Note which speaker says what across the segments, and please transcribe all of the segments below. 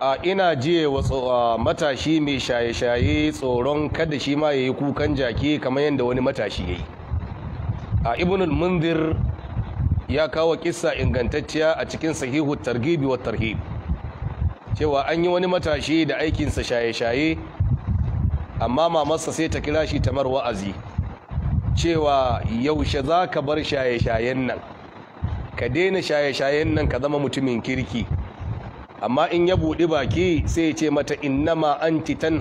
Speaker 1: a ina jiye wa matashi mai shaye-shaye tsoron kada shi ma ya yi kukan jaki kamar yadda wani matashi ya yi a ibnul mundir ya kawo kisa ingantacciya a cikin sahihu targibi wa tarhib cewa an yi wani matashi da aikinsa shaye-shaye amma mamarsa sai ta kira shi tamar wa'azi cewa yaushe za ka bar shaye-shayen nan ka daina shaye-shayen nan ka zama mutumin kirki amma in ya buɗi baki sai ce mata innama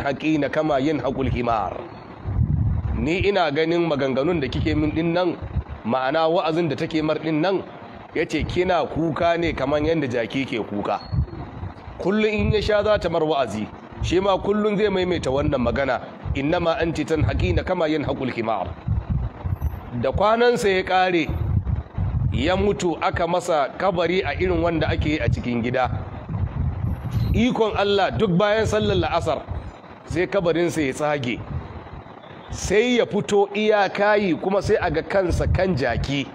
Speaker 1: haƙi na kama yin haƙul himar ni ina ganin maganganun da kike min ɗin nan ma'ana wa'azin da take mar ɗin nan ce kina kuka ne kamar yadda jaki ke kuka kullum in ya sha za ta mar wa'azi shi ma kullum zai maimaita wannan magana innama haƙi na kama yin haƙul himar da kwanansa ya ƙare ya mutu aka masa kabari a irin wanda ake yi a cikin gida ikon Allah duk bayan sallar la'asar sai kabarinsa ya tsage sai ya fito iyakayi kuma sai aga kansa kan jaki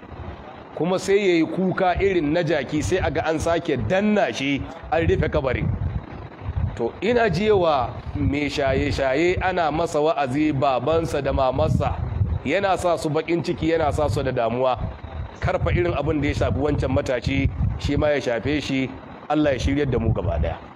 Speaker 1: kuma sai ya yi kuka irin na jaki sai aga an sake danna shi an rufe kabarin to ina jiwa mai shaye-shaye ana masa wa'azi babansa da mamarsa yana sa su bakin ciki yana sa su da damuwa karfa irin abin da ya shafi wancan matashi shi ma ya shafe shi Allah ya shiryar da mu gaba daya